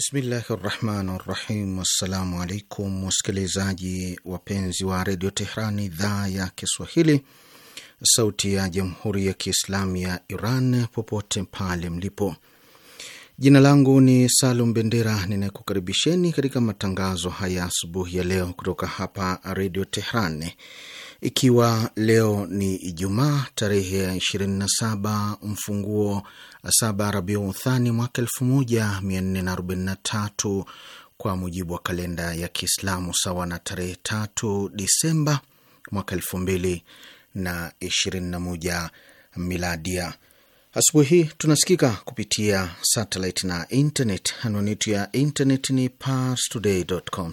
Bismillahi rahmani rahim. Assalamu alaikum wasikilizaji wapenzi wa redio Tehran, idhaa ya Kiswahili, sauti ya jamhuri ya kiislamu ya Iran, popote pale mlipo. Jina langu ni Salum Bendera, ninakukaribisheni katika matangazo haya asubuhi ya leo kutoka hapa redio Tehran ikiwa leo ni Ijumaa tarehe ya 27 mfunguo 7 Rabiul Thani mwaka 1443 kwa mujibu wa kalenda ya Kiislamu, sawa na tarehe 3 Disemba mwaka 2021 miladia. Asubuhi hii tunasikika kupitia satellite na internet. Anwani yetu ya internet ni parstoday.com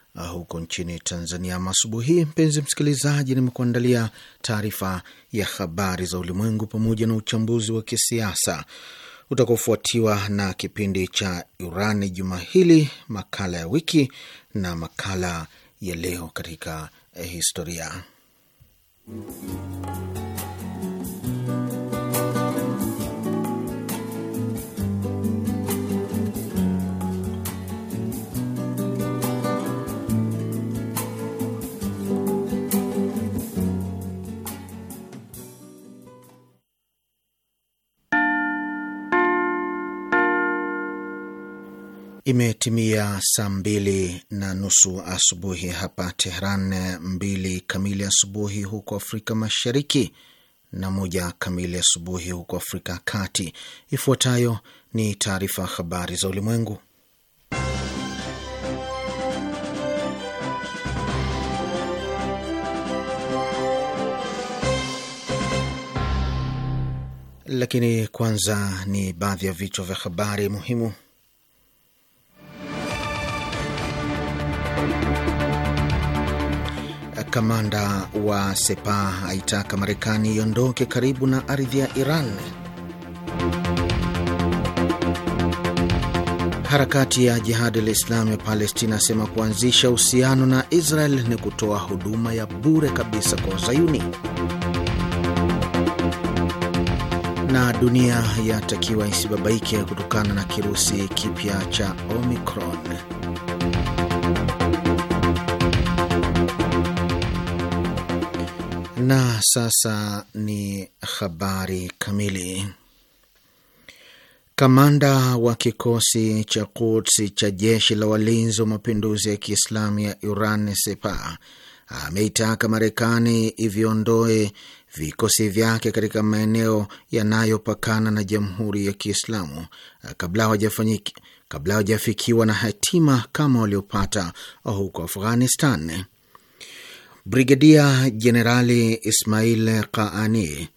Ah, huko nchini Tanzania. Masubuhi hii, mpenzi msikilizaji, nimekuandalia taarifa ya habari za ulimwengu pamoja na uchambuzi wa kisiasa utakaofuatiwa na kipindi cha Irani juma hili, makala ya wiki na makala ya leo katika eh, historia Imetimia saa mbili na nusu asubuhi hapa Tehran, mbili kamili asubuhi huko Afrika Mashariki na moja kamili asubuhi huko Afrika ya Kati. Ifuatayo ni taarifa habari za ulimwengu, lakini kwanza ni baadhi ya vichwa vya habari muhimu. Kamanda wa sepa aitaka Marekani iondoke karibu na ardhi ya Iran. Harakati ya Jihadi la Islamu ya Palestina asema kuanzisha uhusiano na Israel ni kutoa huduma ya bure kabisa kwa zayuni Na dunia yatakiwa isibabaike kutokana na kirusi kipya cha Omicron. Na sasa ni habari kamili. Kamanda wa kikosi cha Quds cha jeshi la walinzi wa mapinduzi ya Kiislamu ya Iran Sepah ameitaka Marekani iviondoe vikosi vyake katika maeneo yanayopakana na Jamhuri ya Kiislamu kabla hawajafanyiki kabla hawajafikiwa na hatima kama waliopata huko Afghanistan. Brigedia Jenerali Ismail Qaani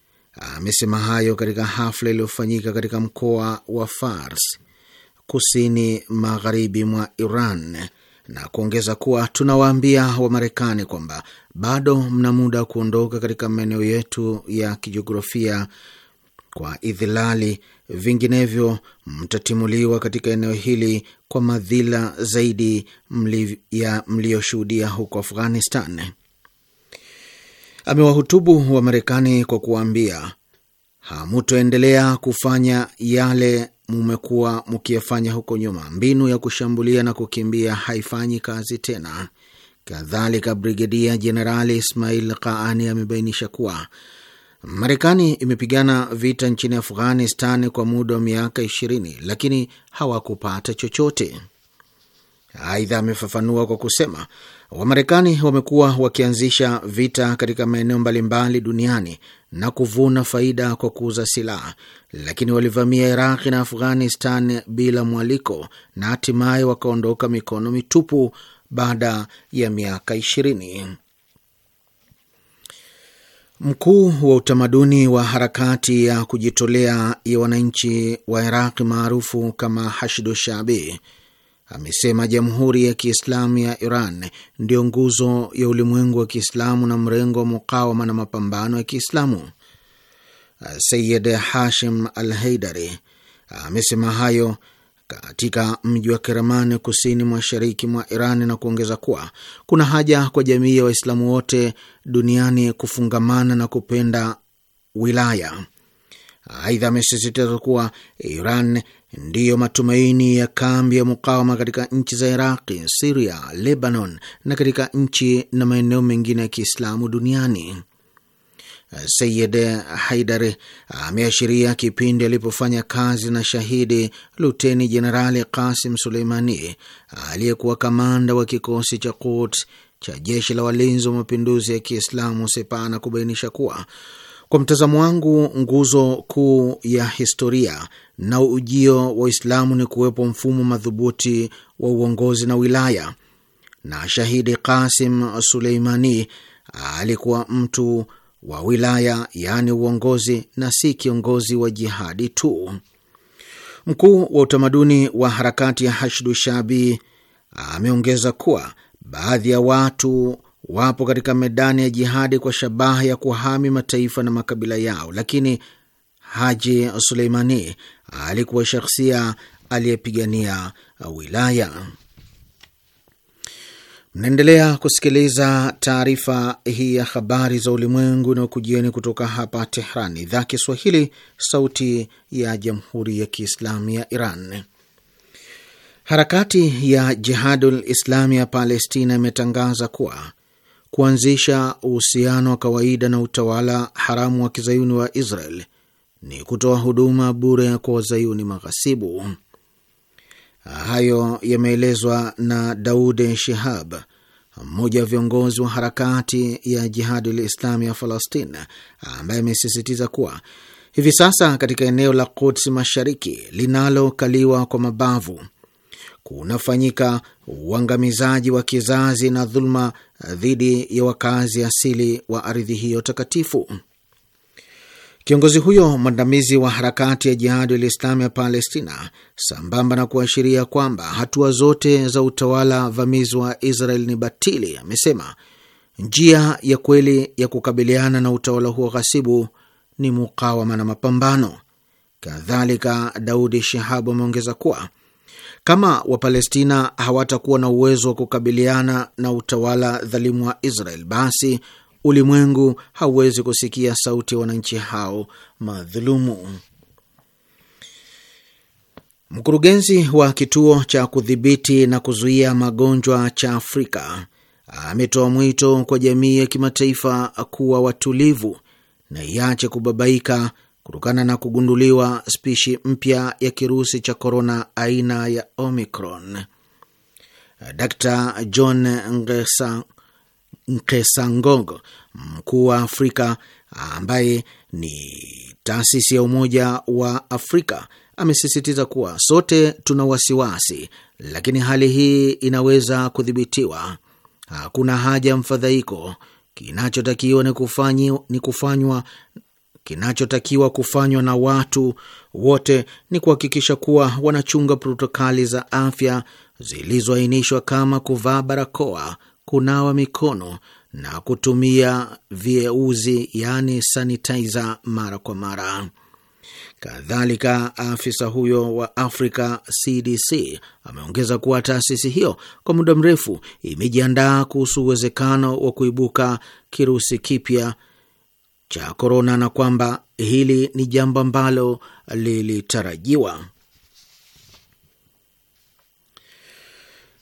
amesema hayo katika hafla iliyofanyika katika mkoa wa Fars kusini magharibi mwa Iran na kuongeza kuwa tunawaambia Wamarekani kwamba bado mna muda wa kuondoka katika maeneo yetu ya kijiografia kwa idhilali, vinginevyo mtatimuliwa katika eneo hili kwa madhila zaidi mli ya mliyoshuhudia huko Afghanistan amewahutubu wa Marekani kwa kuwaambia hamutoendelea kufanya yale mumekuwa mkiyafanya huko nyuma. Mbinu ya kushambulia na kukimbia haifanyi kazi tena. Kadhalika, Brigedia Jenerali Ismail Qaani amebainisha kuwa Marekani imepigana vita nchini Afghanistan kwa muda wa miaka ishirini, lakini hawakupata chochote. Aidha, amefafanua kwa kusema Wamarekani wamekuwa wakianzisha vita katika maeneo mbalimbali duniani na kuvuna faida kwa kuuza silaha, lakini walivamia Iraqi na Afghanistan bila mwaliko na hatimaye wakaondoka mikono mitupu baada ya miaka ishirini. Mkuu wa utamaduni wa harakati ya kujitolea ya wananchi wa Iraqi maarufu kama Hashdu Shabi amesema Jamhuri ya Kiislamu ya Iran ndiyo nguzo ya ulimwengu wa Kiislamu na mrengo wa mukawama na mapambano ya Kiislamu. Sayid Hashim Al Heidari amesema hayo katika mji wa Keremani kusini mashariki mwa Iran na kuongeza kuwa kuna haja kwa jamii ya Waislamu wote duniani kufungamana na kupenda wilaya. Aidha, amesisitiza kuwa Iran ndiyo matumaini ya kambi ya mukawama katika nchi za Iraqi, Siria, Lebanon na katika nchi na maeneo mengine ya Kiislamu duniani. Sayid Haidari ameashiria kipindi alipofanya kazi na shahidi Luteni Jenerali Kasim Suleimani aliyekuwa kamanda wa kikosi cha Quds cha jeshi la walinzi wa mapinduzi ya Kiislamu Sepah, na kubainisha kuwa kwa mtazamo wangu, nguzo kuu ya historia na ujio wa Uislamu ni kuwepo mfumo madhubuti wa uongozi na wilaya, na shahidi Qasim Suleimani alikuwa mtu wa wilaya, yaani uongozi, na si kiongozi wa jihadi tu. Mkuu wa utamaduni wa harakati ya Hashdu Shabi ameongeza kuwa baadhi ya watu wapo katika medani ya jihadi kwa shabaha ya kuhami mataifa na makabila yao, lakini Haji Suleimani alikuwa shakhsia aliyepigania wilaya. Mnaendelea kusikiliza taarifa hii ya habari za ulimwengu na ukujieni kutoka hapa Tehran, idhaa Kiswahili, sauti ya jamhuri ya kiislamu ya Iran. Harakati ya Jihadul Islami ya Palestina imetangaza kuwa kuanzisha uhusiano wa kawaida na utawala haramu wa kizayuni wa Israel ni kutoa huduma bure kwa wazayuni maghasibu. Hayo yameelezwa na Daud Shihab, mmoja wa viongozi wa harakati ya Jihadi Lislami ya Falastin, ambaye amesisitiza kuwa hivi sasa katika eneo la Quds Mashariki linalokaliwa kwa mabavu kunafanyika uangamizaji wa kizazi na dhuluma dhidi ya wakazi asili wa ardhi hiyo takatifu. Kiongozi huyo mwandamizi wa harakati ya Jihadi wal ya Palestina, sambamba na kuashiria kwamba hatua zote za utawala vamizi wa Israel ni batili, amesema njia ya kweli ya kukabiliana na utawala huo ghasibu ni mukawama na mapambano. Kadhalika, Daudi Shahabu ameongeza kuwa kama Wapalestina hawatakuwa na uwezo wa kukabiliana na utawala dhalimu wa Israel, basi ulimwengu hauwezi kusikia sauti ya wananchi hao madhulumu. Mkurugenzi wa kituo cha kudhibiti na kuzuia magonjwa cha Afrika ametoa mwito kwa jamii ya kimataifa kuwa watulivu na iache kubabaika kutokana na kugunduliwa spishi mpya ya kirusi cha korona aina ya Omicron. Dr John Nkesa, Nkesangogo, mkuu wa Afrika ambaye ni taasisi ya Umoja wa Afrika, amesisitiza kuwa sote tuna wasiwasi, lakini hali hii inaweza kudhibitiwa. Hakuna haja ya mfadhaiko. Kinachotakiwa ni kufanywa Kinachotakiwa kufanywa na watu wote ni kuhakikisha kuwa wanachunga protokali za afya zilizoainishwa kama kuvaa barakoa, kunawa mikono na kutumia vieuzi, yaani sanitiza mara kwa mara. Kadhalika, afisa huyo wa Africa CDC ameongeza kuwa taasisi hiyo kwa muda mrefu imejiandaa kuhusu uwezekano wa kuibuka kirusi kipya cha korona na kwamba hili ni jambo ambalo lilitarajiwa.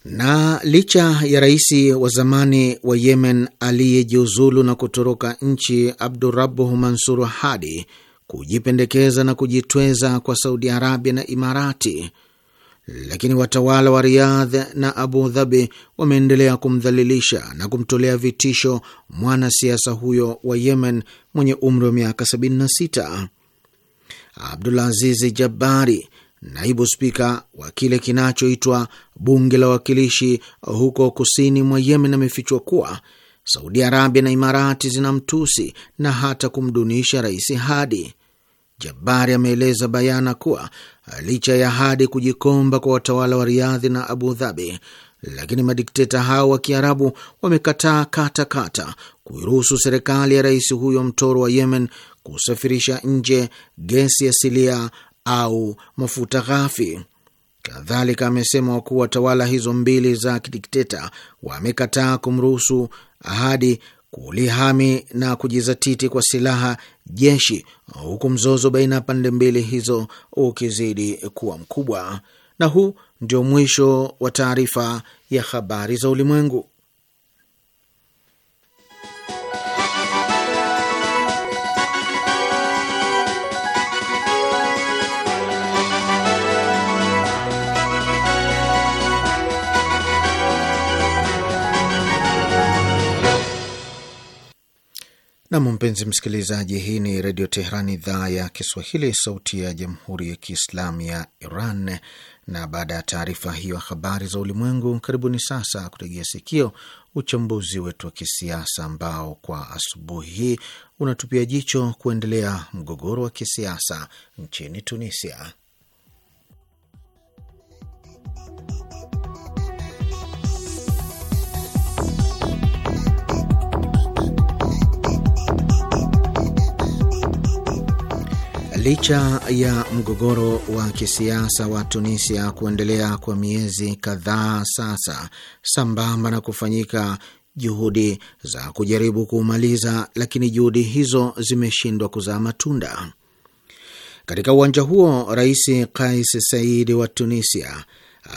Na licha ya rais wa zamani wa Yemen aliyejiuzulu na kutoroka nchi Abdurabuh Mansur Hadi kujipendekeza na kujitweza kwa Saudi Arabia na Imarati lakini watawala wa Riyadh na Abu Dhabi wameendelea kumdhalilisha na kumtolea vitisho mwanasiasa huyo wa Yemen mwenye umri wa miaka 76. Abdulaziz Jabari, naibu spika wa kile kinachoitwa bunge la wawakilishi huko kusini mwa Yemen, amefichwa kuwa Saudi Arabia na Imarati zinamtusi na hata kumdunisha Rais Hadi. Jabari ameeleza bayana kuwa licha ya ahadi kujikomba kwa watawala wa Riadhi na Abu Dhabi, lakini madikteta hao wa Kiarabu wamekataa kata katakata kuiruhusu serikali ya rais huyo mtoro wa Yemen kusafirisha nje gesi asilia au mafuta ghafi. Kadhalika amesema wakuu wa tawala hizo mbili za kidikteta wamekataa kumruhusu ahadi kulihami na kujizatiti kwa silaha jeshi, huku mzozo baina ya pande mbili hizo ukizidi kuwa mkubwa. Na huu ndio mwisho wa taarifa ya habari za ulimwengu. Nam, mpenzi msikilizaji, hii ni Redio Teheran, idhaa ya Kiswahili, sauti ya Jamhuri ya Kiislamu ya Iran. Na baada ya taarifa hiyo ya habari za ulimwengu, karibuni sasa kutegea sikio uchambuzi wetu wa kisiasa ambao kwa asubuhi hii unatupia jicho kuendelea mgogoro wa kisiasa nchini Tunisia. Licha ya mgogoro wa kisiasa wa Tunisia kuendelea kwa miezi kadhaa sasa, sambamba na kufanyika juhudi za kujaribu kuumaliza, lakini juhudi hizo zimeshindwa kuzaa matunda. Katika uwanja huo, Rais Kais saidi wa Tunisia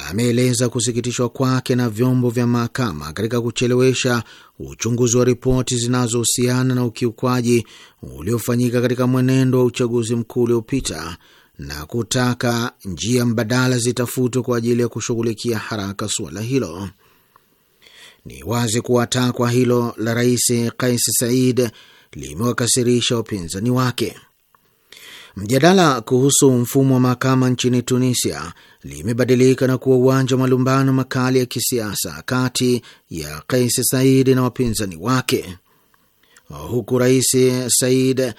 ameeleza kusikitishwa kwake na vyombo vya mahakama katika kuchelewesha uchunguzi wa ripoti zinazohusiana na ukiukwaji uliofanyika katika mwenendo wa uchaguzi mkuu uliopita na kutaka njia mbadala zitafutwe kwa ajili ya kushughulikia haraka suala hilo. Ni wazi kuwa takwa hilo la Rais Kais Saied limewakasirisha wapinzani wake. Mjadala kuhusu mfumo wa mahakama nchini Tunisia limebadilika na kuwa uwanja wa malumbano makali ya kisiasa kati ya Kais Saidi na wapinzani wake, huku Rais Said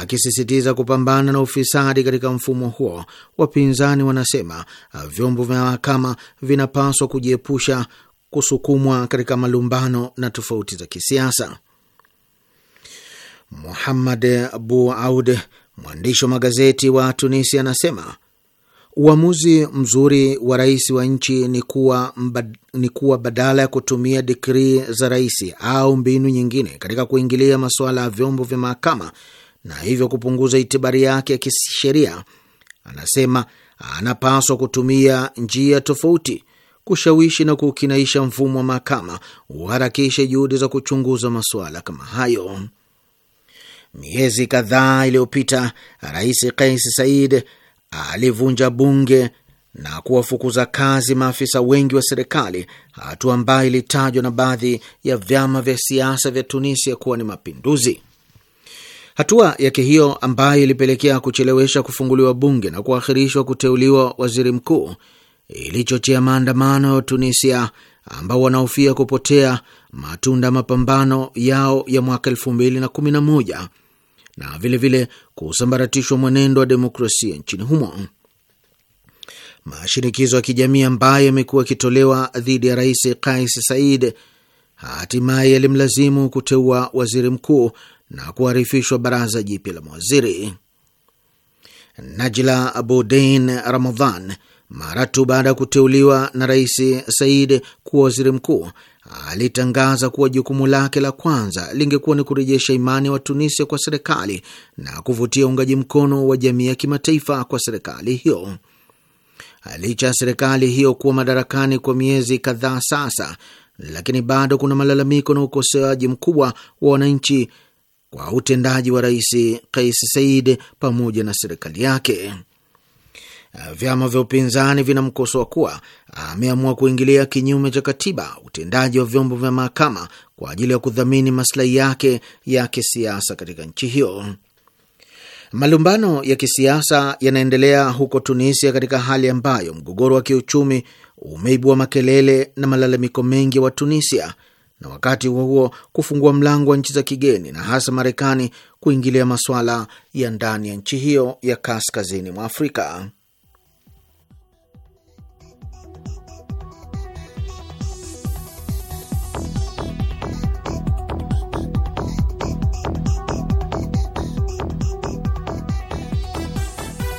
akisisitiza kupambana na ufisadi katika mfumo huo. Wapinzani wanasema vyombo vya mahakama vinapaswa kujiepusha kusukumwa katika malumbano na tofauti za kisiasa. Muhammad Abu Aud, mwandishi wa magazeti wa Tunisia, anasema Uamuzi mzuri wa rais wa nchi ni kuwa, mbad, ni kuwa badala ya kutumia dikrii za rais au mbinu nyingine katika kuingilia masuala ya vyombo vya mahakama na hivyo kupunguza itibari yake ya kisheria, anasema anapaswa kutumia njia tofauti kushawishi na kukinaisha mfumo wa mahakama uharakishe juhudi za kuchunguza masuala kama hayo. Miezi kadhaa iliyopita, Rais Kais said alivunja bunge na kuwafukuza kazi maafisa wengi wa serikali, hatua ambayo ilitajwa na baadhi ya vyama vya siasa vya Tunisia kuwa ni mapinduzi. Hatua yake hiyo ambayo ilipelekea kuchelewesha kufunguliwa bunge na kuahirishwa kuteuliwa waziri mkuu ilichochea maandamano ya tunisia ambao wanahofia kupotea matunda mapambano yao ya mwaka elfu mbili na kumi na moja na vilevile kusambaratishwa mwenendo wa demokrasia nchini humo. Mashinikizo ya kijamii ambayo yamekuwa yakitolewa dhidi ya Rais Kais Said hatimaye yalimlazimu kuteua waziri mkuu na kuharifishwa baraza jipya la mawaziri. Najla Abudein Ramadhan mara tu baada ya kuteuliwa na Rais Said kuwa waziri mkuu alitangaza kuwa jukumu lake la kwanza lingekuwa ni kurejesha imani wa tunisia kwa serikali na kuvutia uungaji mkono wa jamii ya kimataifa kwa serikali hiyo. Licha ya serikali hiyo kuwa madarakani kwa miezi kadhaa sasa, lakini bado kuna malalamiko na ukosoaji mkubwa wa wananchi kwa utendaji wa Rais Kais Saied pamoja na serikali yake. Eh, vyama vya upinzani vinamkosoa kuwa ameamua kuingilia kinyume cha katiba utendaji wa vyombo vya mahakama kwa ajili ya kudhamini maslahi yake ya kisiasa katika nchi hiyo. Malumbano ya kisiasa yanaendelea huko Tunisia katika hali ambayo mgogoro wa kiuchumi umeibua makelele na malalamiko mengi ya Watunisia, na wakati huo huo kufungua mlango wa nchi za kigeni na hasa Marekani kuingilia masuala ya ndani ya nchi hiyo ya kaskazini mwa Afrika.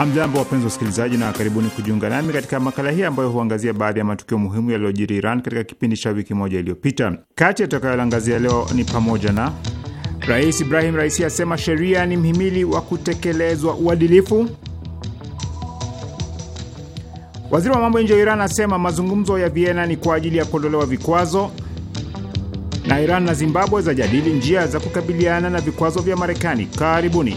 Hamjambo, wapenzi usikilizaji na karibuni kujiunga nami katika makala hii ambayo huangazia baadhi ya matukio muhimu yaliyojiri Iran katika kipindi cha wiki moja iliyopita. Kati yatakayoangazia leo ni pamoja na Rais Ibrahim Raisi asema sheria ni mhimili wa kutekelezwa uadilifu. Waziri wa mambo ya nje wa Iran asema mazungumzo ya Vienna ni kwa ajili ya kuondolewa vikwazo, na Iran na Zimbabwe zajadili njia za kukabiliana na vikwazo vya Marekani. Karibuni.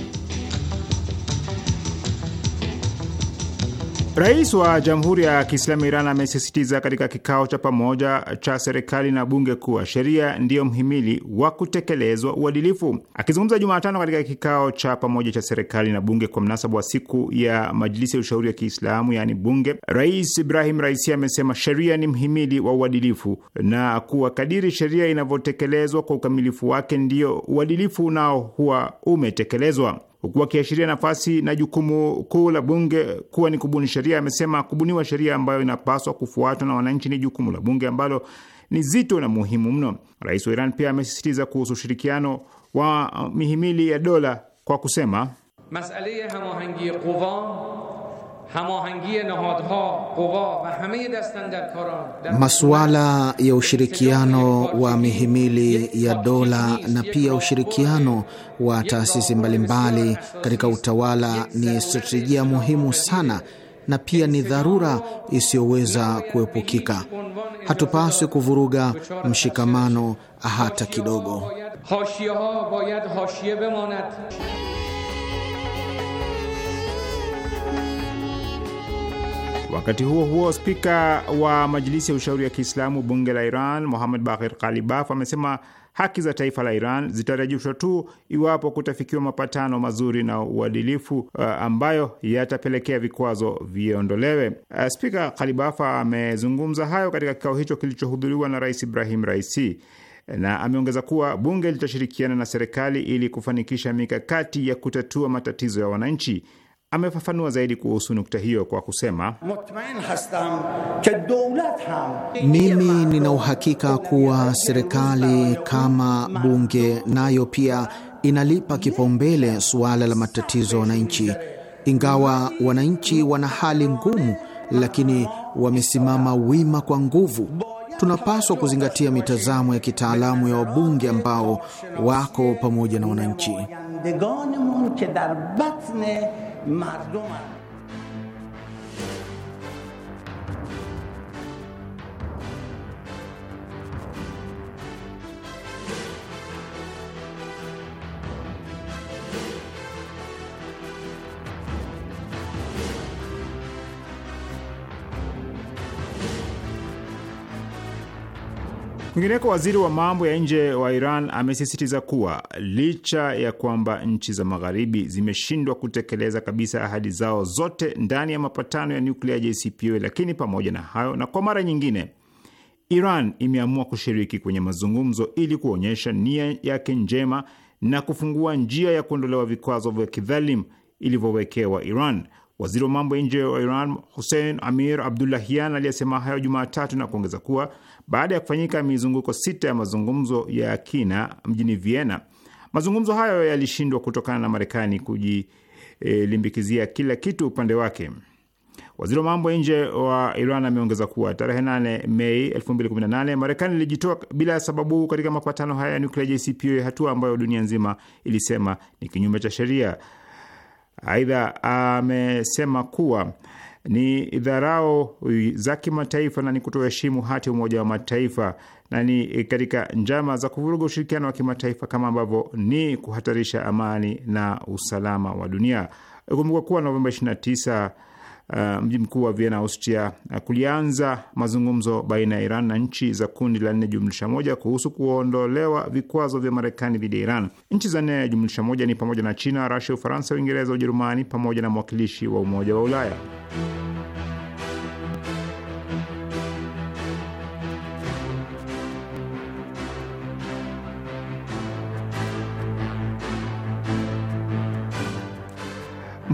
Rais wa Jamhuri ya Kiislamu Iran amesisitiza katika kikao cha pamoja cha serikali na bunge kuwa sheria ndiyo mhimili wa kutekelezwa uadilifu. Akizungumza Jumatano katika kikao cha pamoja cha serikali na bunge kwa mnasaba wa siku ya Majlisi ya Ushauri ya Kiislamu yaani bunge, Rais Ibrahim Raisi amesema sheria ni mhimili wa uadilifu na kuwa kadiri sheria inavyotekelezwa kwa ukamilifu wake ndiyo uadilifu nao huwa umetekelezwa huku akiashiria nafasi na jukumu kuu la bunge kuwa ni kubuni sheria. Amesema kubuniwa sheria ambayo inapaswa kufuatwa na wananchi ni jukumu la bunge ambalo ni zito na muhimu mno. Rais wa Iran pia amesisitiza kuhusu ushirikiano wa mihimili ya dola kwa kusema masala ya Masuala ya ushirikiano wa mihimili ya dola na pia ushirikiano wa taasisi mbalimbali katika utawala ni stratejia muhimu sana na pia ni dharura isiyoweza kuepukika. Hatupaswi kuvuruga mshikamano hata kidogo. Wakati huo huo, spika wa majilisi ya ushauri ya Kiislamu bunge la Iran muhamed Bakir Kalibaf amesema haki za taifa la Iran zitarejeshwa tu iwapo kutafikiwa mapatano mazuri na uadilifu uh, ambayo yatapelekea vikwazo viondolewe. Uh, spika Kalibafa amezungumza hayo katika kikao hicho kilichohudhuriwa na Rais Ibrahim Raisi na ameongeza kuwa bunge litashirikiana na serikali ili kufanikisha mikakati ya kutatua matatizo ya wananchi. Amefafanua zaidi kuhusu nukta hiyo kwa kusema, mimi nina uhakika kuwa serikali kama bunge nayo pia inalipa kipaumbele suala la matatizo ya wananchi. Ingawa wananchi wana hali ngumu, lakini wamesimama wima kwa nguvu. Tunapaswa kuzingatia mitazamo ya kitaalamu ya wabunge ambao wako pamoja na wananchi. مردمم Kwingineko, waziri wa mambo ya nje wa Iran amesisitiza kuwa licha ya kwamba nchi za magharibi zimeshindwa kutekeleza kabisa ahadi zao zote ndani ya mapatano ya nuklia JCPOA, lakini pamoja na hayo na kwa mara nyingine Iran imeamua kushiriki kwenye mazungumzo ili kuonyesha nia yake njema na kufungua njia ya kuondolewa vikwazo vya kidhalim ilivyowekewa Iran. Waziri wa mambo ya nje wa Iran Hussein Amir Abdullahian aliyesema hayo Jumatatu na kuongeza kuwa baada ya kufanyika mizunguko sita ya mazungumzo ya kina mjini Vienna. Mazungumzo hayo yalishindwa kutokana na Marekani kujilimbikizia e, kila kitu upande wake. Waziri wa mambo ya nje wa Iran ameongeza kuwa tarehe 8 Mei 2018 Marekani ilijitoa bila sababu katika mapatano haya ya nuklia JCPOA, hatua ambayo dunia nzima ilisema ni kinyume cha sheria. Aidha amesema kuwa ni dharao za kimataifa na ni kutoheshimu hati ya Umoja wa Mataifa na ni katika njama za kuvuruga ushirikiano wa kimataifa kama ambavyo ni kuhatarisha amani na usalama wa dunia. Kumbuka kuwa Novemba 29 Eh, mji mkuu wa Vienna, Austria, uh, kulianza mazungumzo baina ya Iran na nchi za kundi la nne jumlisha moja kuhusu kuondolewa vikwazo vya Marekani dhidi ya Iran. Nchi za nne jumlisha moja ni pamoja na China, Rasia, Ufaransa, Uingereza, Ujerumani pamoja na mwakilishi wa Umoja wa Ulaya.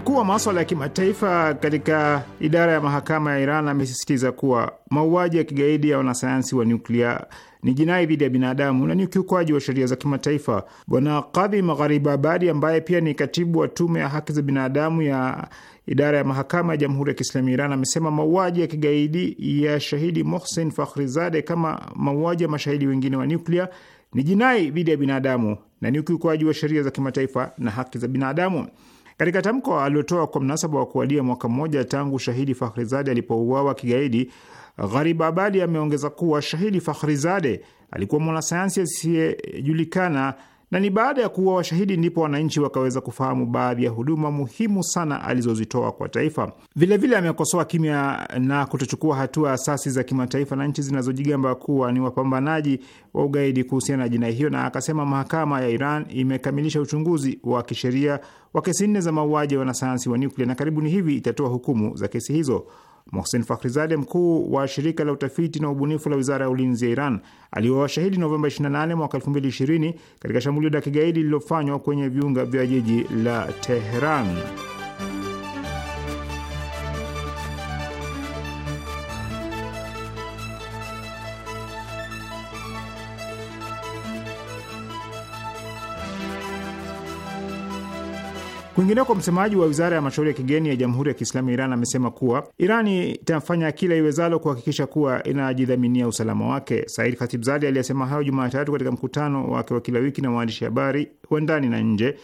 Mkuu wa maswala ya kimataifa katika idara ya mahakama ya Iran amesisitiza kuwa mauaji ya kigaidi ya wanasayansi wa nyuklia ni jinai dhidi ya binadamu na ni ukiukwaji wa sheria za kimataifa. Bwana Kadhi Magharibi Abadi, ambaye pia ni katibu wa tume ya haki za binadamu ya idara ya mahakama ya jamhuri ya kiislamu Iran, amesema mauaji ya kigaidi ya shahidi Mohsen Fakhrizade, kama mauaji ya mashahidi wengine wa nyuklia, ni jinai dhidi ya binadamu na ni ukiukwaji wa sheria za kimataifa na haki za binadamu. Katika tamko aliotoa kwa mnasaba wa kuadia mwaka mmoja tangu shahidi Fakhrizade alipouawa kigaidi, Gharib Abadi ameongeza kuwa shahidi Fakhrizade alikuwa mwanasayansi asiyejulikana na ni baada ya kuwa washahidi ndipo wananchi wakaweza kufahamu baadhi ya huduma muhimu sana alizozitoa kwa taifa. Vilevile amekosoa kimya na kutochukua hatua asasi za kimataifa na nchi zinazojigamba kuwa ni wapambanaji wa ugaidi kuhusiana na jinai hiyo, na akasema mahakama ya Iran imekamilisha uchunguzi wa kisheria wa kesi nne za mauaji ya wanasayansi wa nyuklia na karibuni hivi itatoa hukumu za kesi hizo. Mohsen Fakhrizade, mkuu wa shirika la utafiti na ubunifu la wizara ya ulinzi ya Iran, aliowashahidi Novemba 28 mwaka 2020 katika shambulio la kigaidi lililofanywa kwenye viunga vya jiji la Teheran. Kwingineko, msemaji wa wizara ya mashauri ya kigeni ya Jamhuri ya Kiislamu ya Iran amesema kuwa Iran itafanya kila iwezalo kuhakikisha kuwa inajidhaminia usalama wake. Said Khatibzadi aliyesema hayo Jumatatu katika mkutano wake wa kila wiki na waandishi habari wa ndani na nje,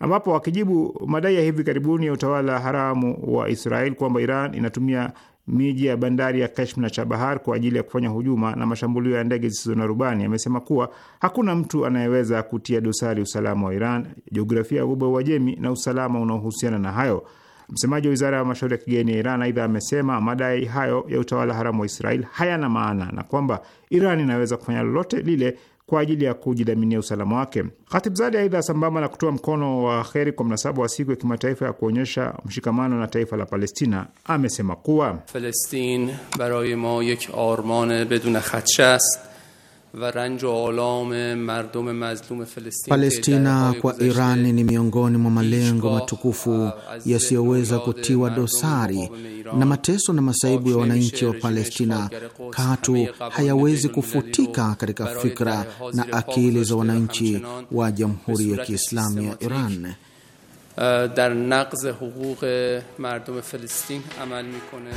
ambapo akijibu madai ya hivi karibuni ya utawala haramu wa Israel kwamba Iran inatumia miji ya bandari ya kashm na Chabahar kwa ajili ya kufanya hujuma na mashambulio ya ndege zisizo na rubani. Amesema kuwa hakuna mtu anayeweza kutia dosari usalama wa Iran, jiografia ya ghuba Uajemi na usalama unaohusiana na hayo. Msemaji wa wizara ya mashauri ya kigeni ya Iran aidha amesema madai hayo ya utawala haramu wa Israel hayana maana na kwamba Iran inaweza kufanya lolote lile kwa ajili ya kujidhaminia usalama wake. Khatibzadi aidha, sambamba na kutoa mkono wa heri kwa mnasaba wa siku ya kimataifa ya kuonyesha mshikamano na taifa la Palestina, amesema kuwa Palestine baraye ma yek arman bedune khadsha ast Palestina kwa Irani ni miongoni mwa malengo matukufu yasiyoweza kutiwa dosari, na mateso na masaibu ya wananchi wa Palestina katu hayawezi kufutika katika fikra na akili za wananchi wa Jamhuri ya Kiislamu ya Iran. dar naqz huquq mardum amal mikone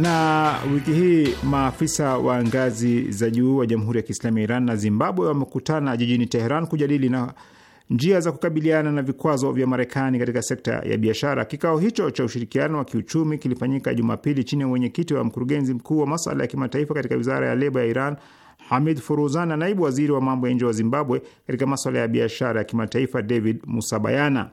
Na wiki hii maafisa wa ngazi za juu wa Jamhuri ya Kiislamu ya Iran na Zimbabwe wamekutana jijini Teheran kujadili na njia za kukabiliana na vikwazo vya Marekani katika sekta ya biashara. Kikao hicho cha ushirikiano wa kiuchumi kilifanyika Jumapili chini ya mwenyekiti wa mkurugenzi mkuu wa maswala ya kimataifa katika wizara ya leba ya Iran Hamid Furuzan na naibu waziri wa mambo ya nje wa Zimbabwe katika maswala ya biashara ya kimataifa David Musabayana.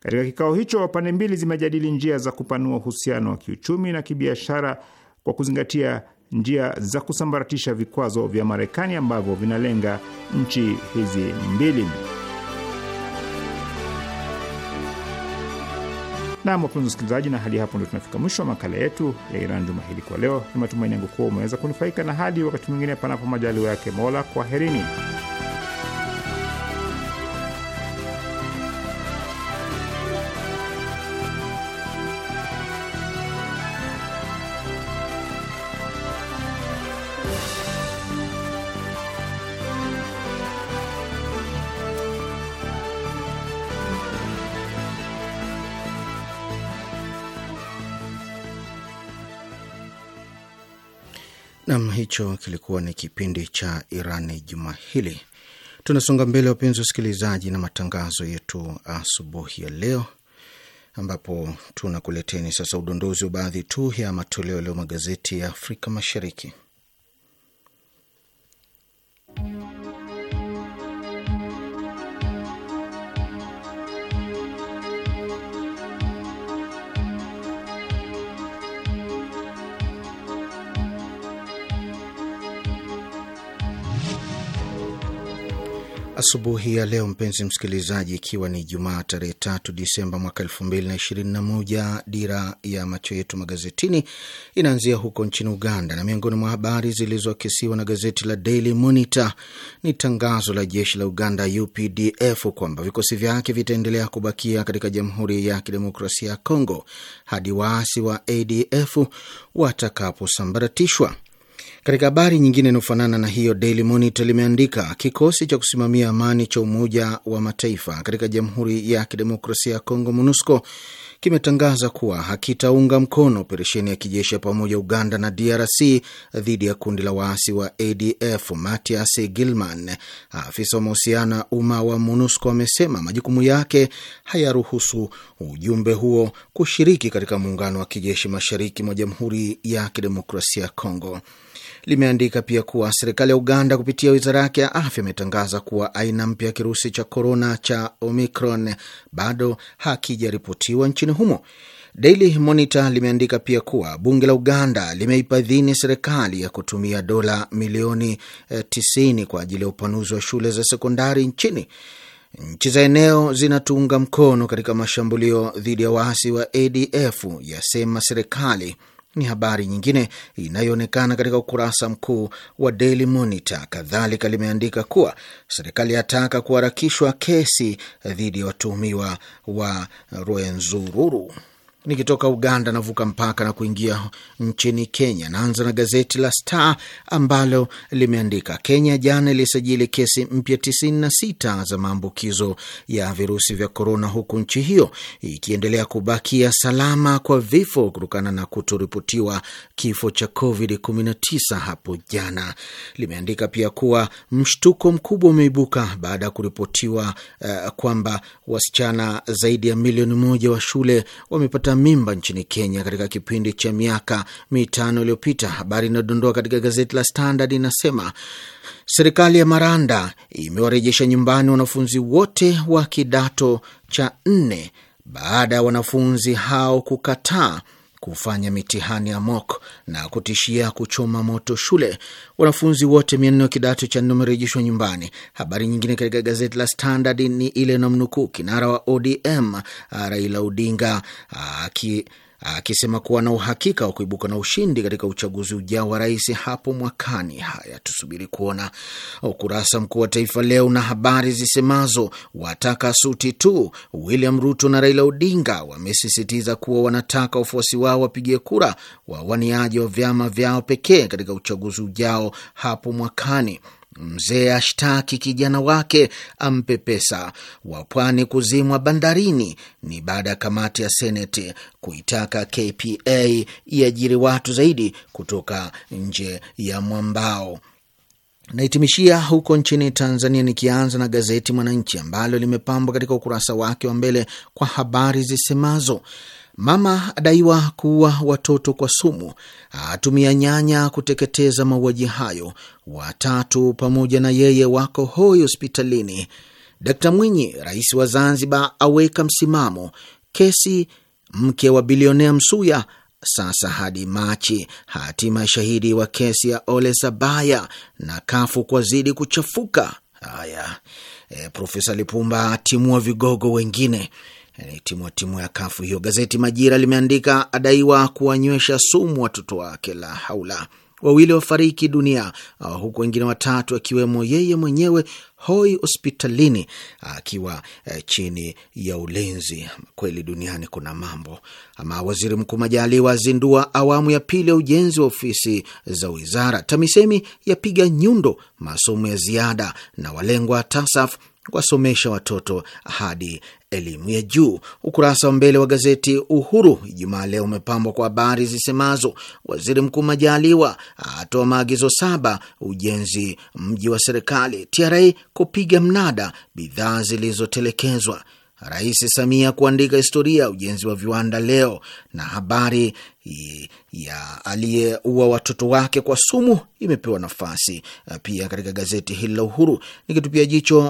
Katika kikao hicho, pande mbili zimejadili njia za kupanua uhusiano wa kiuchumi na kibiashara kwa kuzingatia njia za kusambaratisha vikwazo vya Marekani ambavyo vinalenga nchi hizi mbili. Nam, wapenzi wasikilizaji, na hadi hapo ndio tunafika mwisho wa makala yetu ya Iran juma hili kwa leo. Ni matumaini yangu kuwa umeweza kunufaika, na hadi wakati mwingine, panapo majaliwa yake Mola, kwaherini. hicho kilikuwa ni kipindi cha Irani juma hili. Tunasonga mbele, wapenzi wasikilizaji, na matangazo yetu asubuhi ya leo, ambapo tunakuleteni sasa udondozi wa baadhi tu ya matoleo leo magazeti ya Afrika Mashariki. asubuhi ya leo, mpenzi msikilizaji, ikiwa ni Jumaa tarehe tatu Disemba mwaka elfu mbili na ishirini na moja, dira ya macho yetu magazetini inaanzia huko nchini Uganda, na miongoni mwa habari zilizoakisiwa na gazeti la Daily Monitor ni tangazo la jeshi la Uganda UPDF kwamba vikosi vyake vitaendelea kubakia katika Jamhuri ya Kidemokrasia ya Kongo hadi waasi wa ADF watakaposambaratishwa. Katika habari nyingine inayofanana na hiyo, Daily Monitor limeandika kikosi cha kusimamia amani cha Umoja wa Mataifa katika Jamhuri ya Kidemokrasia ya Kongo, MONUSCO, kimetangaza kuwa hakitaunga mkono operesheni ya kijeshi ya pamoja Uganda na DRC dhidi ya kundi la waasi wa ADF. Matias Gilman, afisa wa mahusiano ya umma wa MONUSCO, amesema majukumu yake hayaruhusu ujumbe huo kushiriki katika muungano wa kijeshi mashariki mwa Jamhuri ya Kidemokrasia ya Kongo limeandika pia kuwa serikali ya Uganda kupitia wizara yake ya afya imetangaza kuwa aina mpya ya kirusi cha korona cha Omicron bado hakijaripotiwa nchini humo. Daily Monitor limeandika pia kuwa bunge la Uganda limeipa idhini serikali ya kutumia dola milioni 90 eh, kwa ajili ya upanuzi wa shule za sekondari nchini. Nchi za eneo zinatunga mkono katika mashambulio dhidi ya waasi wa ADF, yasema serikali ni habari nyingine inayoonekana katika ukurasa mkuu wa Daily Monitor. Kadhalika limeandika kuwa serikali yataka kuharakishwa kesi dhidi ya watuhumiwa wa Rwenzururu. Nikitoka Uganda navuka mpaka na kuingia nchini Kenya. Naanza na gazeti la Star ambalo limeandika Kenya jana ilisajili kesi mpya 96 za maambukizo ya virusi vya korona, huku nchi hiyo ikiendelea kubakia salama kwa vifo kutokana na kutoripotiwa kifo cha COVID-19 hapo jana. Limeandika pia kuwa mshtuko mkubwa umeibuka baada ya kuripotiwa uh, kwamba wasichana zaidi ya milioni moja wa shule wamepata mimba nchini Kenya katika kipindi cha miaka mitano iliyopita. Habari inayodondoa katika gazeti la Standard inasema serikali ya Maranda imewarejesha nyumbani wanafunzi wote wa kidato cha nne baada ya wanafunzi hao kukataa kufanya mitihani ya mock na kutishia kuchoma moto shule. Wanafunzi wote mia nne wa kidato cha nne wamerejeshwa nyumbani. Habari nyingine katika gazeti la Standard ni ile mnukuu kinara wa ODM Raila Odinga aki akisema kuwa na uhakika wa kuibuka na ushindi katika uchaguzi ujao wa rais hapo mwakani. Haya, tusubiri kuona. Ukurasa mkuu wa Taifa Leo na habari zisemazo wataka suti tu, William Ruto na Raila Odinga wamesisitiza kuwa wanataka wafuasi wao wapigie kura wawaniaji wa vyama vyao pekee katika uchaguzi ujao hapo mwakani. Mzee ashtaki kijana wake ampe pesa. Wapwani kuzimwa bandarini ni baada ya kamati ya seneti kuitaka KPA iajiri watu zaidi kutoka nje ya mwambao. Nahitimishia huko nchini Tanzania, nikianza na gazeti Mwananchi ambalo limepambwa katika ukurasa wake wa mbele kwa habari zisemazo Mama adaiwa kuua watoto kwa sumu, atumia nyanya kuteketeza mauaji hayo. Watatu pamoja na yeye wako hoi hospitalini. Dkt Mwinyi, rais wa Zanzibar, aweka msimamo kesi mke wa bilionea Msuya sasa hadi Machi. Hatima ya shahidi wa kesi ya Ole Sabaya na kafu kwa zidi kuchafuka. Haya, e, Profesa Lipumba atimua vigogo wengine inayotimua timu ya kafu hiyo. Gazeti Majira limeandika adaiwa kuwanywesha sumu watoto wake, la haula, wawili wafariki dunia huku wengine watatu akiwemo yeye mwenyewe hoi hospitalini akiwa eh, chini ya ulinzi. Kweli duniani kuna mambo. Ama Waziri Mkuu Majaliwa azindua awamu ya pili ya ujenzi wa ofisi za wizara. TAMISEMI yapiga nyundo masomo ya ziada na walengwa TASAF kuwasomesha watoto hadi elimu ya juu. Ukurasa wa mbele wa gazeti Uhuru Ijumaa leo umepambwa kwa habari zisemazo waziri mkuu Majaliwa atoa maagizo saba ujenzi mji wa serikali, TRA kupiga mnada bidhaa zilizotelekezwa Rais Samia kuandika historia ya ujenzi wa viwanda leo, na habari ya aliyeua watoto wake kwa sumu imepewa nafasi pia katika gazeti hili la Uhuru. Nikitupia jicho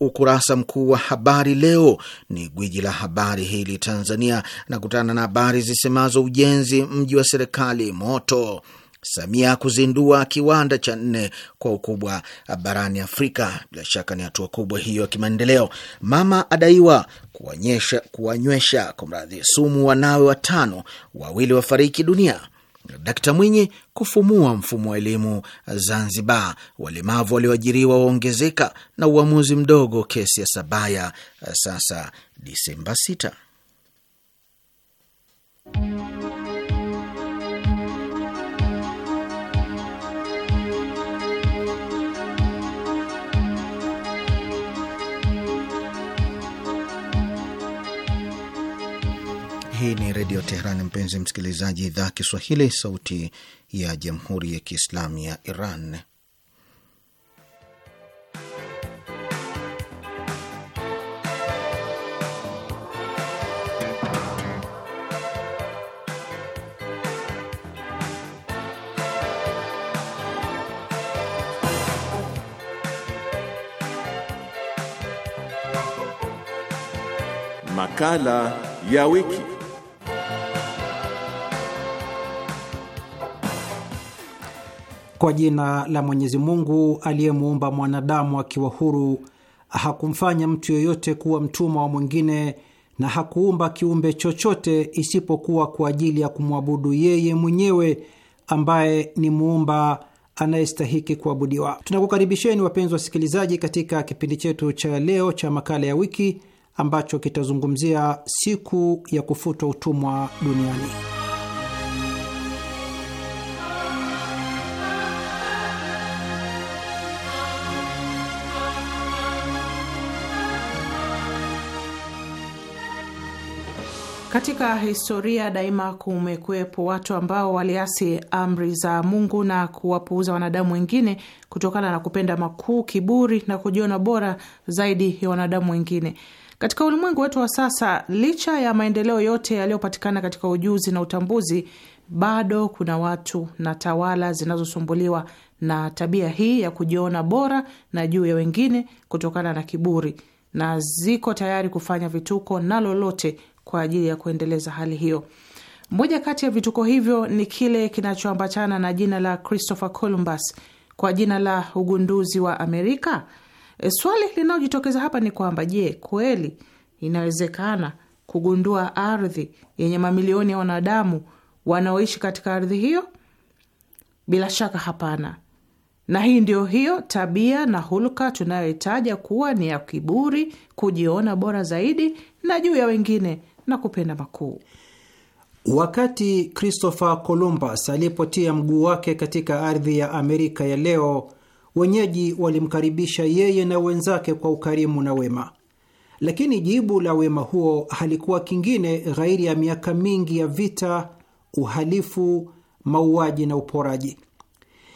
ukurasa mkuu wa habari leo, ni gwiji la habari hili Tanzania, nakutana na habari zisemazo ujenzi mji wa serikali moto Samia kuzindua kiwanda cha nne kwa ukubwa barani Afrika. Bila shaka ni hatua kubwa hiyo ya kimaendeleo. Mama adaiwa kuwanyesha, kuwanywesha kwa mradhi sumu wanawe watano, wawili wafariki dunia. Dkt Mwinyi kufumua mfumo wa elimu Zanzibar. Walemavu walioajiriwa waongezeka, na uamuzi mdogo kesi ya Sabaya sasa Disemba 6. Redio Teheran. Mpenzi msikilizaji, idhaa Kiswahili, sauti ya jamhuri ya kiislamu ya Iran. Makala ya wiki. Kwa jina la Mwenyezi Mungu aliyemuumba mwanadamu akiwa huru, hakumfanya mtu yoyote kuwa mtumwa wa mwingine, na hakuumba kiumbe chochote isipokuwa kwa ajili ya kumwabudu yeye mwenyewe ambaye ni muumba anayestahiki kuabudiwa. Tunakukaribisheni wapenzi wasikilizaji, katika kipindi chetu cha leo cha makala ya wiki ambacho kitazungumzia siku ya kufutwa utumwa duniani. Katika historia daima kumekuwepo watu ambao waliasi amri za Mungu na kuwapuuza wanadamu wengine kutokana na kupenda makuu, kiburi na kujiona bora zaidi ya wanadamu wengine. Katika ulimwengu wetu wa sasa, licha ya maendeleo yote yaliyopatikana katika ujuzi na utambuzi, bado kuna watu na tawala zinazosumbuliwa na tabia hii ya kujiona bora na juu ya wengine kutokana na kiburi, na ziko tayari kufanya vituko na lolote kwa ajili ya kuendeleza hali hiyo. Moja kati ya vituko hivyo ni kile kinachoambatana na jina la Christopher Columbus kwa jina la ugunduzi wa Amerika. E, swali linalojitokeza hapa ni kwamba je, kweli inawezekana kugundua ardhi yenye mamilioni ya wanadamu wanaoishi katika ardhi hiyo? Bila shaka hapana. Na hii ndio hiyo tabia na hulka tunayohitaja kuwa ni ya kiburi, kujiona bora zaidi na juu ya wengine na kupenda makuu. Wakati Christopher Columbus alipotia mguu wake katika ardhi ya Amerika ya leo, wenyeji walimkaribisha yeye na wenzake kwa ukarimu na wema, lakini jibu la wema huo halikuwa kingine ghairi ya miaka mingi ya vita, uhalifu, mauaji na uporaji.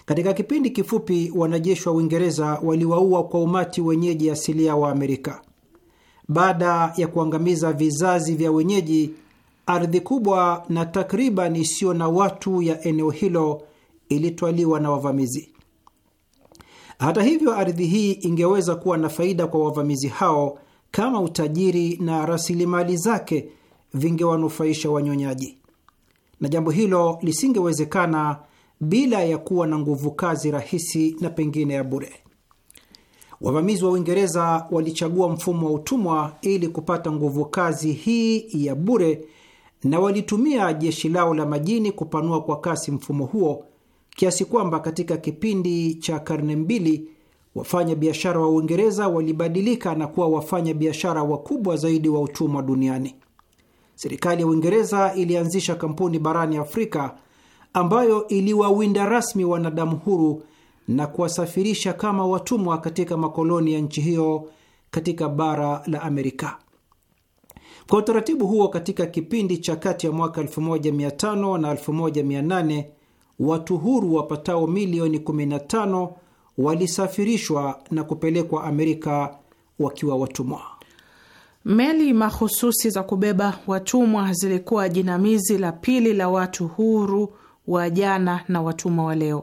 Katika kipindi kifupi, wanajeshi wa Uingereza waliwaua kwa umati wenyeji asilia wa Amerika. Baada ya kuangamiza vizazi vya wenyeji, ardhi kubwa na takriban isiyo na watu ya eneo hilo ilitwaliwa na wavamizi. Hata hivyo, ardhi hii ingeweza kuwa na faida kwa wavamizi hao kama utajiri na rasilimali zake vingewanufaisha wanyonyaji, na jambo hilo lisingewezekana bila ya kuwa na nguvu kazi rahisi na pengine ya bure. Wavamizi wa Uingereza walichagua mfumo wa utumwa ili kupata nguvu kazi hii ya bure, na walitumia jeshi lao la majini kupanua kwa kasi mfumo huo kiasi kwamba katika kipindi cha karne mbili wafanya biashara wa Uingereza walibadilika na kuwa wafanya biashara wakubwa zaidi wa utumwa duniani. Serikali ya Uingereza ilianzisha kampuni barani Afrika ambayo iliwawinda rasmi wanadamu huru na kuwasafirisha kama watumwa katika makoloni ya nchi hiyo katika bara la Amerika. Kwa utaratibu huo, katika kipindi cha kati ya mwaka 1500 na 1800 watu huru wapatao milioni 15 walisafirishwa na kupelekwa Amerika wakiwa watumwa. Meli mahususi za kubeba watumwa zilikuwa jinamizi la pili la watu huru wa jana na watumwa wa leo.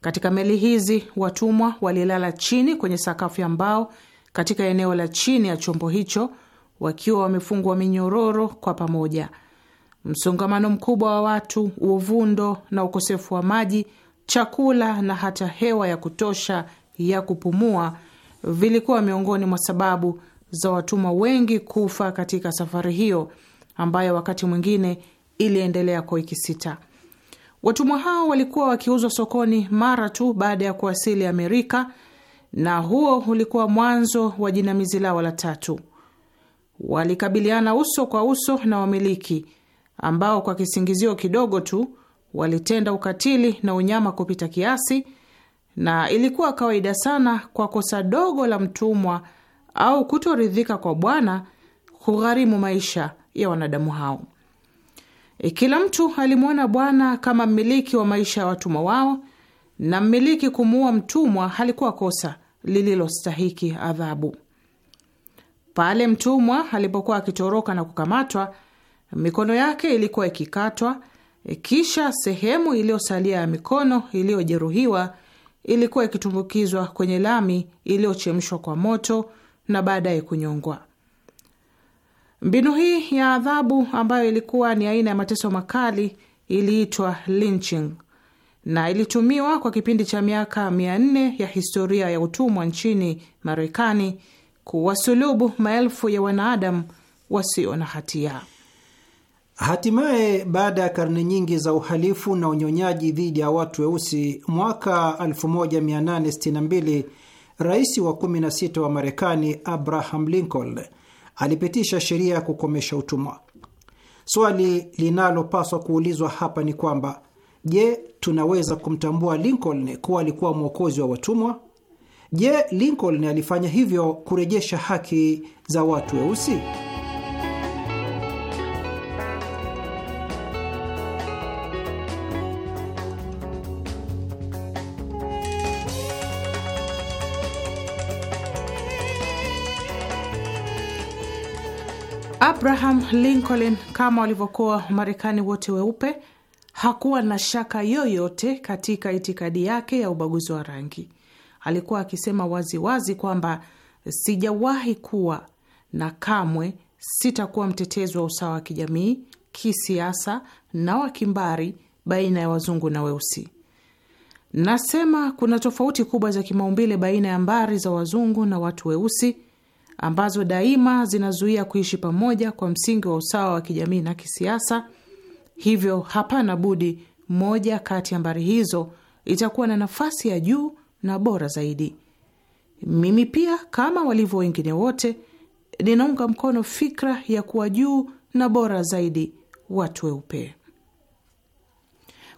Katika meli hizi watumwa walilala chini kwenye sakafu ya mbao katika eneo la chini ya chombo hicho, wakiwa wamefungwa minyororo kwa pamoja. Msongamano mkubwa wa watu, uvundo na ukosefu wa maji, chakula na hata hewa ya kutosha ya kupumua vilikuwa miongoni mwa sababu za watumwa wengi kufa katika safari hiyo ambayo wakati mwingine iliendelea kwa wiki sita. Watumwa hao walikuwa wakiuzwa sokoni mara tu baada ya kuwasili Amerika, na huo ulikuwa mwanzo wa jinamizi lao la tatu. Walikabiliana uso kwa uso na wamiliki ambao kwa kisingizio kidogo tu walitenda ukatili na unyama kupita kiasi, na ilikuwa kawaida sana kwa kosa dogo la mtumwa au kutoridhika kwa bwana kugharimu maisha ya wanadamu hao. E, kila mtu alimwona bwana kama mmiliki wa maisha ya watumwa wao, na mmiliki kumuua mtumwa halikuwa kosa lililostahiki adhabu. Pale mtumwa alipokuwa akitoroka na kukamatwa, mikono yake ilikuwa ikikatwa, e, kisha sehemu iliyosalia ya mikono iliyojeruhiwa ilikuwa ikitumbukizwa kwenye lami iliyochemshwa kwa moto na baadaye kunyongwa. Mbinu hii ya adhabu ambayo ilikuwa ni aina ya mateso makali iliitwa lynching na ilitumiwa kwa kipindi cha miaka mia nne ya historia ya utumwa nchini Marekani kuwasulubu maelfu ya wanaadamu wasio na hatia. Hatimaye, baada ya karne nyingi za uhalifu na unyonyaji dhidi ya watu weusi, mwaka 1862 rais wa 16 wa Marekani Abraham Lincoln alipitisha sheria ya kukomesha utumwa. Swali linalopaswa kuulizwa hapa ni kwamba je, tunaweza kumtambua Lincoln kuwa alikuwa mwokozi wa watumwa? Je, Lincoln alifanya hivyo kurejesha haki za watu weusi? Abraham Lincoln, kama walivyokuwa Marekani wote weupe, hakuwa na shaka yoyote katika itikadi yake ya ubaguzi wa rangi. Alikuwa akisema waziwazi kwamba sijawahi kuwa na kamwe sitakuwa mtetezi wa usawa wa kijamii, kisiasa na wa kimbari baina ya wazungu na weusi. Nasema kuna tofauti kubwa za kimaumbile baina ya mbari za wazungu na watu weusi ambazo daima zinazuia kuishi pamoja kwa msingi wa usawa wa kijamii na kisiasa. Hivyo hapana budi moja kati ya mbari hizo itakuwa na nafasi ya juu na bora zaidi. Mimi pia kama walivyo wengine wote ninaunga mkono fikra ya kuwa juu na bora zaidi watu weupe.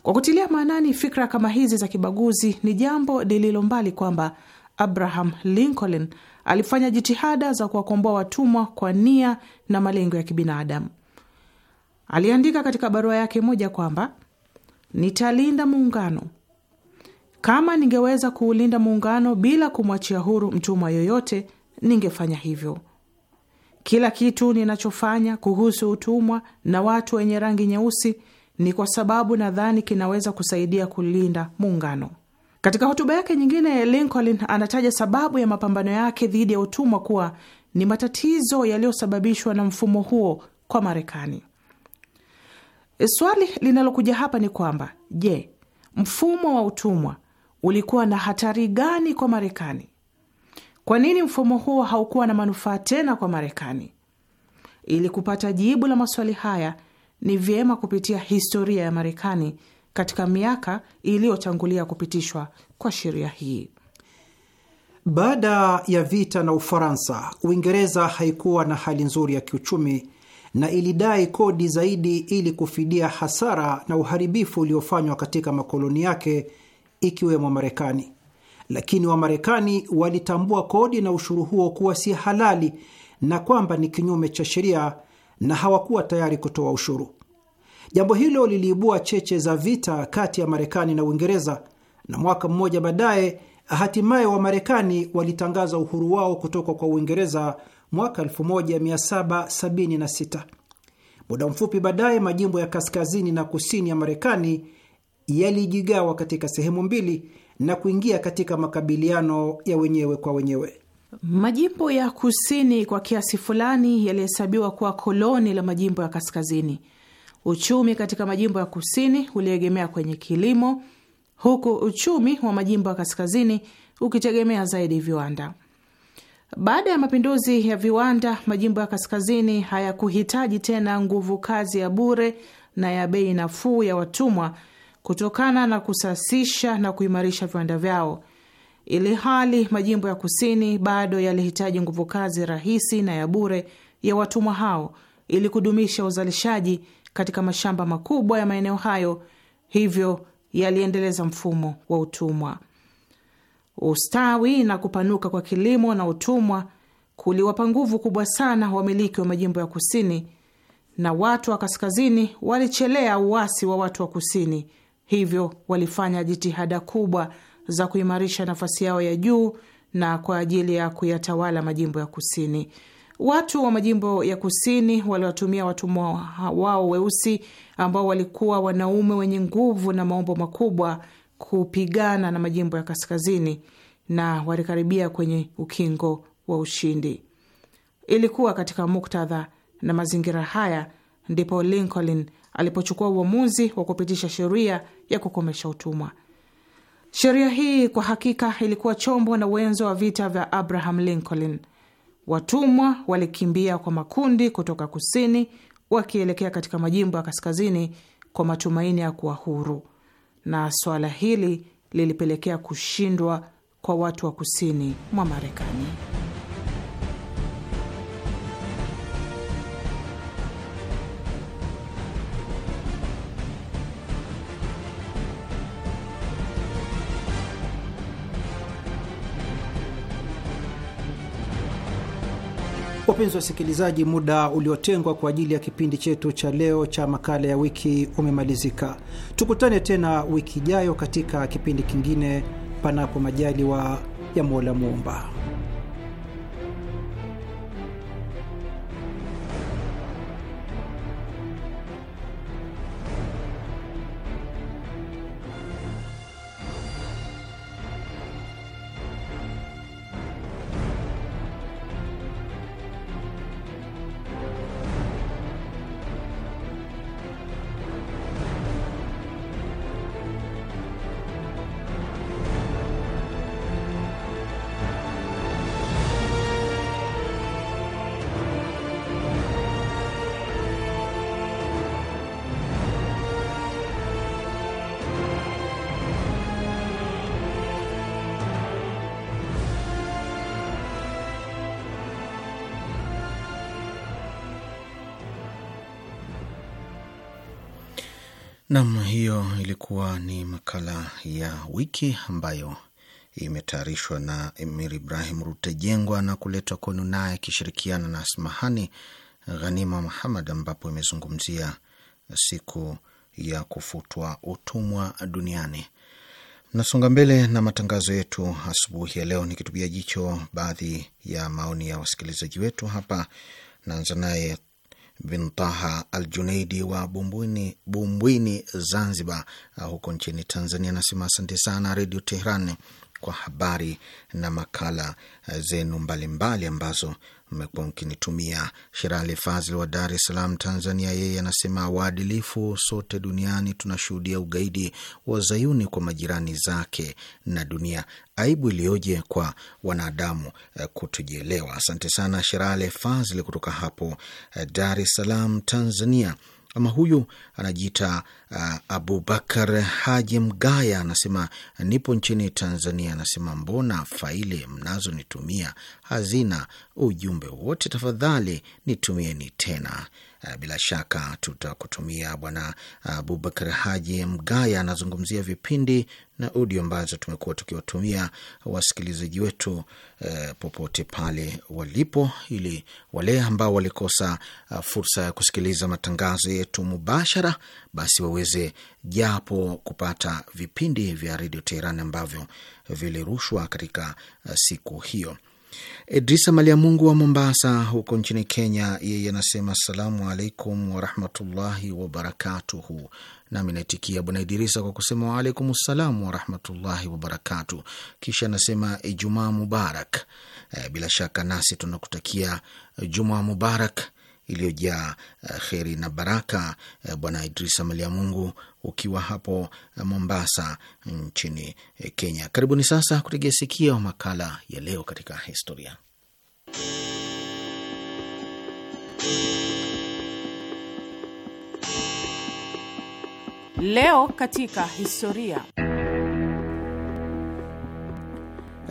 Kwa kutilia maanani fikra kama hizi za kibaguzi, ni jambo lililo mbali kwamba Abraham Lincoln alifanya jitihada za kuwakomboa watumwa kwa nia na malengo ya kibinadamu. Aliandika katika barua yake moja kwamba nitalinda muungano kama ningeweza kuulinda muungano bila kumwachia huru mtumwa yoyote, ningefanya hivyo. Kila kitu ninachofanya kuhusu utumwa na watu wenye rangi nyeusi ni kwa sababu nadhani kinaweza kusaidia kulinda muungano. Katika hotuba yake nyingine, Lincoln anataja sababu ya mapambano yake dhidi ya utumwa kuwa ni matatizo yaliyosababishwa na mfumo huo kwa Marekani. E, swali linalokuja hapa ni kwamba je, mfumo wa utumwa ulikuwa na hatari gani kwa Marekani? Kwa nini mfumo huo haukuwa na manufaa tena kwa Marekani? Ili kupata jibu la maswali haya, ni vyema kupitia historia ya Marekani katika miaka iliyotangulia kupitishwa kwa sheria hii. Baada ya vita na Ufaransa, Uingereza haikuwa na hali nzuri ya kiuchumi na ilidai kodi zaidi ili kufidia hasara na uharibifu uliofanywa katika makoloni yake ikiwemo Marekani. Lakini Wamarekani walitambua kodi na ushuru huo kuwa si halali na kwamba ni kinyume cha sheria na hawakuwa tayari kutoa ushuru. Jambo hilo liliibua cheche za vita kati ya Marekani na Uingereza, na mwaka mmoja baadaye hatimaye Wamarekani walitangaza uhuru wao kutoka kwa Uingereza mwaka 1776. Muda mfupi baadaye majimbo ya kaskazini na kusini ya Marekani yalijigawa katika sehemu mbili na kuingia katika makabiliano ya wenyewe kwa wenyewe. Majimbo ya kusini kwa kiasi fulani yalihesabiwa kuwa koloni la majimbo ya kaskazini. Uchumi katika majimbo ya kusini uliegemea kwenye kilimo, huku uchumi wa majimbo ya kaskazini ukitegemea zaidi viwanda. Baada ya mapinduzi ya viwanda, majimbo ya kaskazini hayakuhitaji tena nguvu kazi ya bure na ya bei nafuu ya watumwa kutokana na kusasisha na kuimarisha viwanda vyao, ili hali majimbo ya kusini bado yalihitaji nguvu kazi rahisi na ya bure ya watumwa hao ili kudumisha uzalishaji katika mashamba makubwa ya maeneo hayo, hivyo yaliendeleza mfumo wa utumwa. Ustawi na kupanuka kwa kilimo na utumwa kuliwapa nguvu kubwa sana wamiliki wa majimbo ya kusini, na watu wa kaskazini walichelea uasi wa watu wa kusini, hivyo walifanya jitihada kubwa za kuimarisha nafasi yao ya juu na kwa ajili ya kuyatawala majimbo ya kusini. Watu wa majimbo ya kusini waliwatumia watumwa wao weusi ambao walikuwa wanaume wenye nguvu na maumbo makubwa kupigana na majimbo ya kaskazini na walikaribia kwenye ukingo wa ushindi. Ilikuwa katika muktadha na mazingira haya ndipo Lincoln alipochukua uamuzi wa kupitisha sheria ya kukomesha utumwa. Sheria hii kwa hakika ilikuwa chombo na wenzo wa vita vya Abraham Lincoln. Watumwa walikimbia kwa makundi kutoka kusini wakielekea katika majimbo ya kaskazini kwa matumaini ya kuwa huru, na swala hili lilipelekea kushindwa kwa watu wa kusini mwa Marekani. Wapenzi wa wasikilizaji, muda uliotengwa kwa ajili ya kipindi chetu cha leo cha makala ya wiki umemalizika. Tukutane tena wiki ijayo katika kipindi kingine, panapo majaliwa ya Mola Muumba. ilikuwa ni makala ya wiki ambayo imetayarishwa na Emir Ibrahim Rutejengwa na kuletwa kwenu naye akishirikiana na Asmahani Ghanima Muhammad, ambapo imezungumzia siku ya kufutwa utumwa duniani. Nasonga mbele na matangazo yetu asubuhi ya leo, nikitupia jicho baadhi ya maoni ya wasikilizaji wetu hapa. Naanza naye bin Taha al Junaidi wa Bumbwini, Bumbwini, Zanzibar, huko nchini Tanzania, anasema asante sana Redio Tehran kwa habari na makala eh, zenu mbalimbali ambazo mmekuwa mkinitumia. Sherali Fazil wa Dar es Salaam, Tanzania, yeye anasema waadilifu sote duniani tunashuhudia ugaidi wa zayuni kwa majirani zake na dunia. Aibu iliyoje kwa wanadamu eh, kutujielewa. Asante sana Sherale Fazil kutoka hapo eh, Dar es Salaam, Tanzania ama huyu anajiita uh, Abubakar Haji Mgaya anasema nipo nchini Tanzania. Anasema mbona faili mnazonitumia hazina ujumbe wote? Tafadhali nitumieni tena. Eh, bila shaka tutakutumia. Bwana eh, Abubakar Haji Mgaya anazungumzia vipindi na audio ambazo tumekuwa tukiwatumia wasikilizaji wetu eh, popote pale walipo, ili wale ambao walikosa uh, fursa ya kusikiliza matangazo yetu mubashara, basi waweze japo kupata vipindi vya redio teheran ambavyo vilirushwa katika uh, siku hiyo. Idrisa Malia Mungu wa Mombasa huko nchini Kenya, yeye anasema assalamu alaikum warahmatullahi wabarakatuhu. Nami naitikia Bwana idirisa kwa kusema waalaikum ssalamu warahmatullahi wabarakatu. Kisha anasema Ijumaa mubarak. Eh, bila shaka nasi tunakutakia Jumaa mubarak iliyojaa eh, kheri na baraka. Eh, Bwana Idrisa mungu ukiwa hapo eh, Mombasa nchini Kenya, karibuni sasa kutegea sikio makala ya leo katika historia. Leo katika historia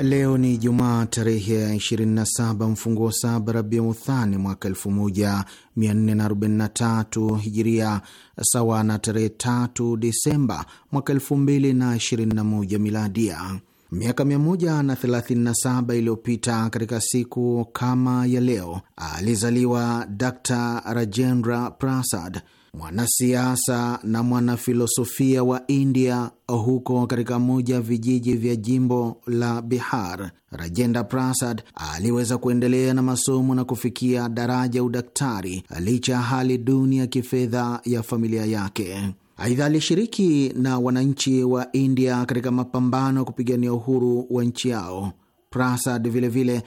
Leo ni Jumaa tarehe ya 27 mfunguo saba Rabiu Uthani mwaka 1443 Hijiria, sawa na tarehe 3 Disemba mwaka 2021 Miladia. Miaka 137 iliyopita katika siku kama ya leo alizaliwa Dr Rajendra Prasad, mwanasiasa na mwanafilosofia wa India huko katika moja ya vijiji vya jimbo la Bihar, Rajendra Prasad aliweza kuendelea na masomo na kufikia daraja udaktari licha ya hali duni ya kifedha ya familia yake. Aidha, alishiriki na wananchi wa India katika mapambano ya kupigania uhuru wa nchi yao. Prasad vilevile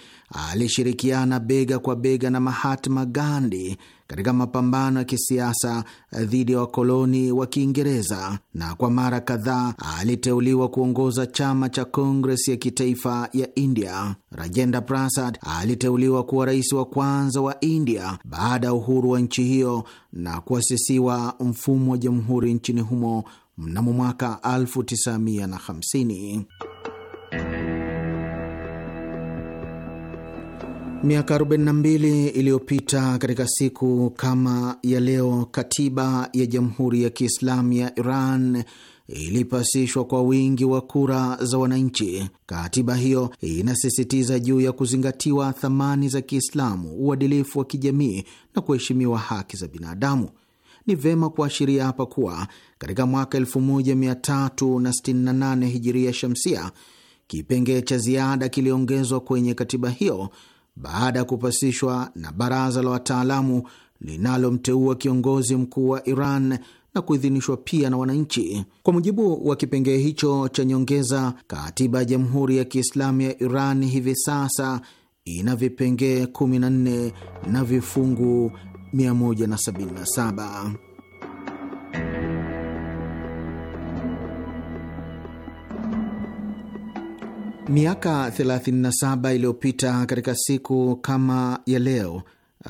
alishirikiana bega kwa bega na Mahatma Gandhi katika mapambano ya kisiasa dhidi ya wakoloni wa Kiingereza na kwa mara kadhaa aliteuliwa kuongoza chama cha Kongres ya Kitaifa ya India. Rajendra Prasad aliteuliwa kuwa rais wa kwanza wa India baada ya uhuru wa nchi hiyo na kuasisiwa mfumo wa jamhuri nchini humo mnamo mwaka 1950. Miaka 42 iliyopita katika siku kama ya leo, katiba ya Jamhuri ya Kiislamu ya Iran ilipasishwa kwa wingi wa kura za wananchi. Katiba hiyo inasisitiza juu ya kuzingatiwa thamani za Kiislamu, uadilifu wa kijamii na kuheshimiwa haki za binadamu. Ni vema kuashiria hapa kuwa katika mwaka 1368 hijiria shamsia, kipengee cha ziada kiliongezwa kwenye katiba hiyo baada ya kupasishwa na baraza la wataalamu linalomteua kiongozi mkuu wa Iran na kuidhinishwa pia na wananchi. Kwa mujibu wa kipengee hicho cha nyongeza, katiba ya Jamhuri ya Kiislamu ya Iran hivi sasa ina vipengee 14 na vifungu 177. Miaka 37 iliyopita katika siku kama ya leo,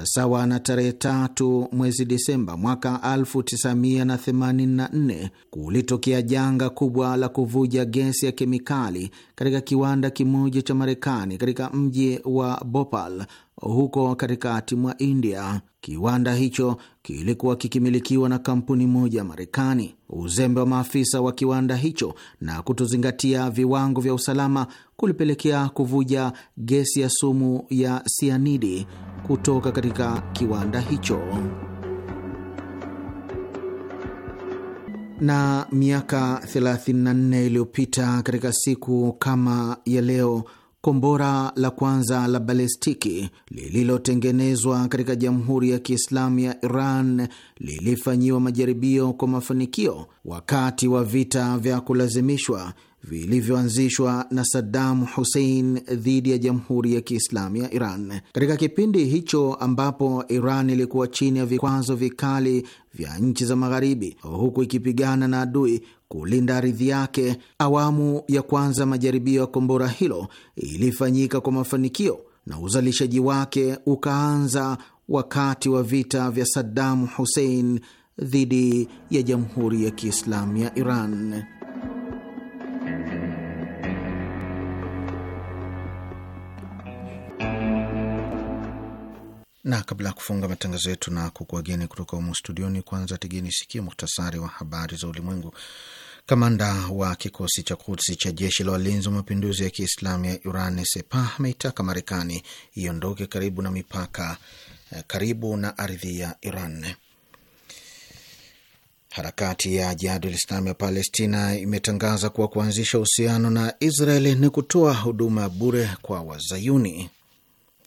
sawa na tarehe tatu mwezi Disemba mwaka 1984 kulitokea janga kubwa la kuvuja gesi ya kemikali katika kiwanda kimoja cha Marekani katika mji wa Bhopal huko katikati mwa India. Kiwanda hicho kilikuwa kikimilikiwa na kampuni moja ya Marekani. Uzembe wa maafisa wa kiwanda hicho na kutozingatia viwango vya usalama kulipelekea kuvuja gesi ya sumu ya sianidi kutoka katika kiwanda hicho. na miaka 34 iliyopita katika siku kama ya leo Kombora la kwanza la balestiki lililotengenezwa katika Jamhuri ya Kiislamu ya Iran lilifanyiwa majaribio kwa mafanikio wakati wa vita vya kulazimishwa vilivyoanzishwa na Saddam Hussein dhidi ya Jamhuri ya Kiislamu ya Iran. Katika kipindi hicho ambapo Iran ilikuwa chini ya vikwazo vikali vya nchi za Magharibi, huku ikipigana na adui, kulinda ardhi yake. Awamu ya kwanza majaribio ya kombora hilo ilifanyika kwa mafanikio na uzalishaji wake ukaanza wakati wa vita vya Saddam Hussein dhidi ya Jamhuri ya Kiislamu ya Iran. na kabla ya kufunga matangazo yetu na kukuageni kutoka humo studioni, kwanza tegeni sikia muhtasari wa habari za ulimwengu. Kamanda wa kikosi cha Kutsi cha jeshi la walinzi wa mapinduzi ya Kiislamu ya Iran Sepah ameitaka Marekani iondoke karibu na mipaka eh, karibu na ardhi ya Iran. Harakati ya Jihadi Islami ya Palestina imetangaza kuwa kuanzisha uhusiano na Israeli ni kutoa huduma bure kwa Wazayuni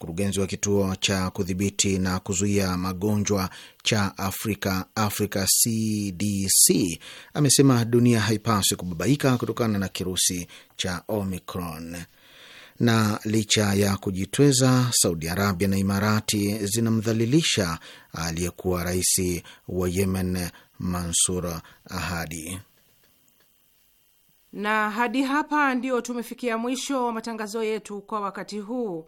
mkurugenzi wa kituo cha kudhibiti na kuzuia magonjwa cha Afrika, Africa CDC, amesema dunia haipaswi kubabaika kutokana na kirusi cha Omicron. Na licha ya kujitweza, Saudi Arabia na Imarati zinamdhalilisha aliyekuwa rais wa Yemen, Mansur Ahadi. Na hadi hapa ndio tumefikia mwisho wa matangazo yetu kwa wakati huu.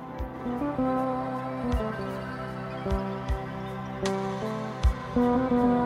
Thank you.